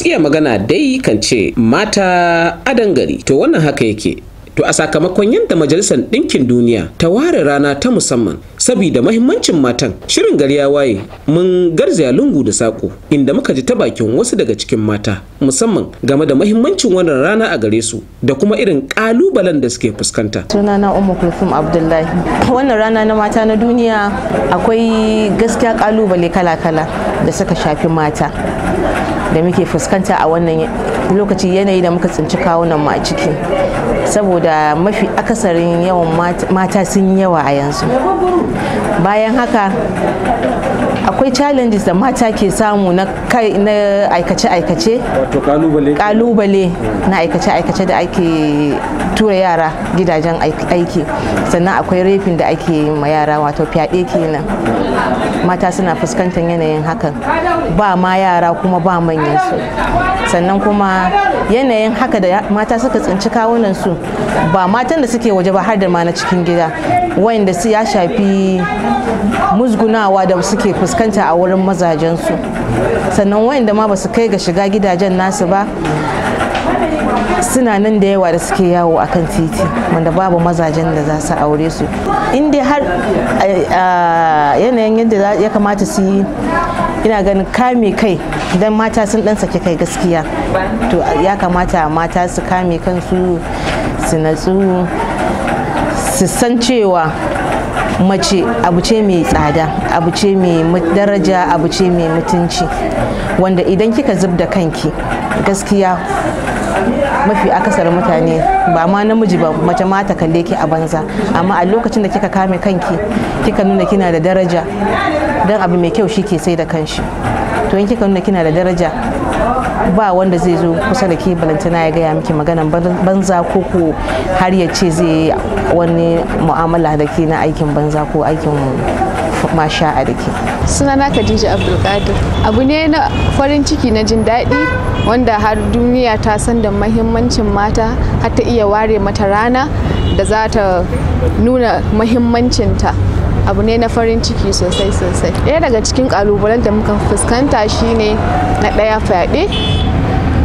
masu iya magana dai kan ce mata a gari to wannan haka yake To a sakamakon yadda Majalisar Ɗinkin Duniya ta ware rana ta musamman saboda mahimmancin matan, shirin gari ya waye mun garzaya lungu da saƙo inda muka ji ta bakin wasu daga cikin mata musamman game da mahimmancin wannan rana a gare su da kuma irin ƙalubalen da suke fuskanta. Sunana Umma Kulfum Abdullahi. Wannan rana na mata na duniya akwai gaskiya ƙalubale kala-kala da suka shafi mata. da muke fuskanta a wannan lokaci yanayi da muka tsinci kawunan mu a ciki saboda mafi akasarin yawan mata sun yawa a yanzu bayan haka akwai challenges da mata ke samu na aikace-aikace kalubale na aikace-aikace da ake tura yara gidajen aiki sannan akwai rafin da ake ma yara wato fyaɗe kenan mata suna fuskantar yanayin hakan ba ma yara kuma ba manyan su sannan kuma yanayin haka da mata suka tsinci kawunan su ba matan da suke waje ba har da ma na cikin gida wanda su ya shafi musgunawa da suke fuskanta a wurin mazajensu sannan wanda ma ba su kai ga shiga gidajen nasu ba suna nan da yawa da suke yawo a kan titi wanda babu mazajen da za su aure su inda har eh, eh, yanayin yadda ya kamata su yi ina ganin kame kai idan mata sun dan saki kai gaskiya to ya kamata mata su kame kansu su natsu su san cewa mace abu ce mai tsada abu ce mai daraja abu ce mai mutunci wanda idan kika zub da kanki gaskiya mafi akasarin mutane ba ma namiji ba mace ma ta kalle ki a banza amma a lokacin da kika kame kanki kika nuna kina da daraja dan abu mai kyau shi ke sai da kanshi to in kika nuna kina da daraja ba wanda zai zo kusa da ke balantana ya gaya miki maganan banza ko ko har ya ce zai wani mu'amala da ke na aikin banza ko aikin masha a dake sunana khadija abdulkadir abu ne na farin ciki na jin daɗi wanda har duniya ta san da mahimmancin mata har ta iya ware mata rana da za ta nuna mahimmancinta abu ne na farin ciki sosai sosai ɗaya daga cikin ƙalubalen da muka fuskanta shine na ɗaya fyaɗe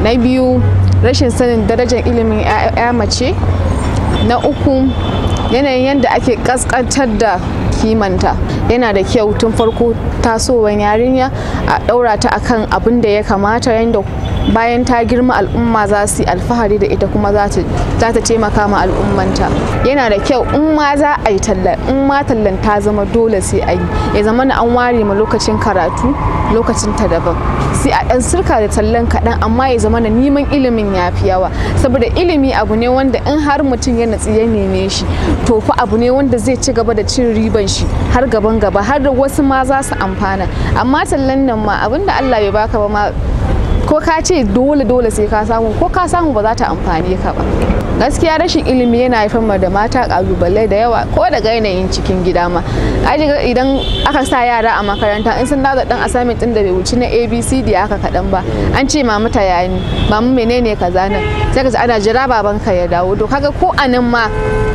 na biyu rashin sanin darajar ilimin 'ya mace na uku yanayin yadda ake ƙasƙantar da kimanta yana da kyau tun farko tasowar yarinya a ɗaura ta akan abin da ya kamata yadda bayan ta girma al'umma za su yi alfahari da ita kuma za ta taimaka ma al'ummanta yana da kyau in ma za a yi tallan in ma tallan ta zama dole sai a yi ya zama na an ware ma lokacin karatu lokacin ta daban sai a ɗan sirka da tallan kaɗan amma ya zama na neman ilimin ya fi yawa saboda ilimi abu ne wanda in har mutum ya natsi ya neme shi to fa abu ne wanda zai ci gaba da cin riban shi har gaban gaba har da wasu ma za su amfana amma tallan nan ma abinda Allah bai baka ba ma ko ka ce dole dole sai ka samu ko ka samu ba za ta amfani ka ba gaskiya rashin ilimi yana haifar ma da mata kalubale da yawa ko daga yanayin cikin gida ma aji idan aka sa yara a makaranta in sun dawo dan assignment din da bai wuce na abcd aka kadan ba an ce mama ta yani mama menene kaza nan sai ka ana jira baban ka ya dawo to kaga ko anan ma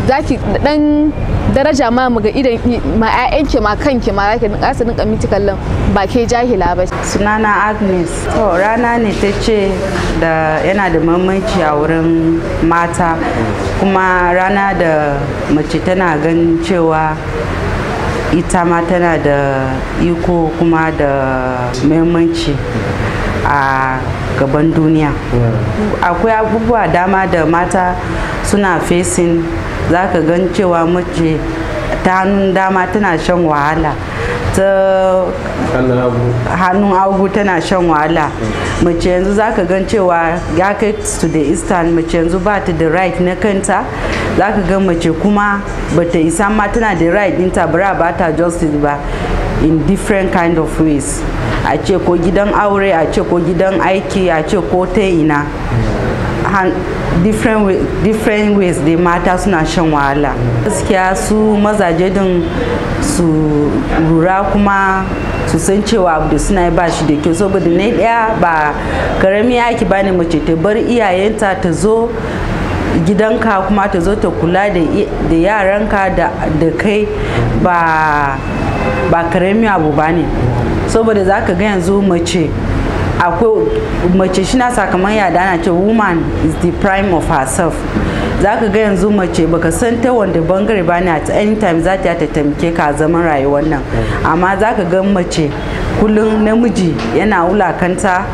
zaki dan daraja ma mu ga idan ma ƴaƴanki ma kanki ma zaki dinka su dinka miti kallon ba ke jahila ba sunana Agnes to rana ne ta ce da yana da mamanci a wurin mata kuma rana da mace tana gan cewa ita ma tana da iko kuma da muhimmanci a gaban duniya akwai abubuwa dama da mata suna facing za ka gan cewa mace ta hannun dama tana shan wahala ta hannun hagu tana shan wahala mace yanzu za ka gan cewa ya kai to the eastern mace yanzu ba ta da right na kanta za ka gan mace kuma ba ta isa ma tana da right ɗinta bra ba ta justice ba in different kind of ways a ce ko gidan aure a ce ko gidan aiki a ce ko ta ina different, ways da mata suna shan wahala gaskiya su mazaje din su lura kuma su san cewa abu da suna yi ba shi da kyau saboda na daya ba karami yaki ba ne mace ta bar iyayenta ta zo gidanka kuma ta zo ta kula da yaranka da kai ba karami abu ba ne saboda za ka ga yanzu mace akwai mace shi na sakamakon yada dana ce woman is the prime of herself za ka ga yanzu mace baka san ta wanda bangare ba ne at any time za ta taimake ka zaman rayuwar nan amma za ka ga mace kullum namiji yana wulakanta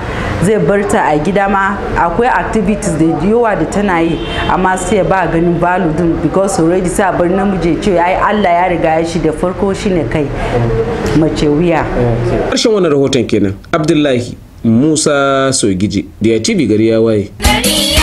zai bar ta a gida ma akwai activities da yawa da tana yi amma sai ba ganin balu din because already sai bar namiji ce ai Allah ya riga ya shi da farko shine kai mace wuya karshen wannan rahoton kenan Abdullahi Musa Sogiji da ya ci gari ya waye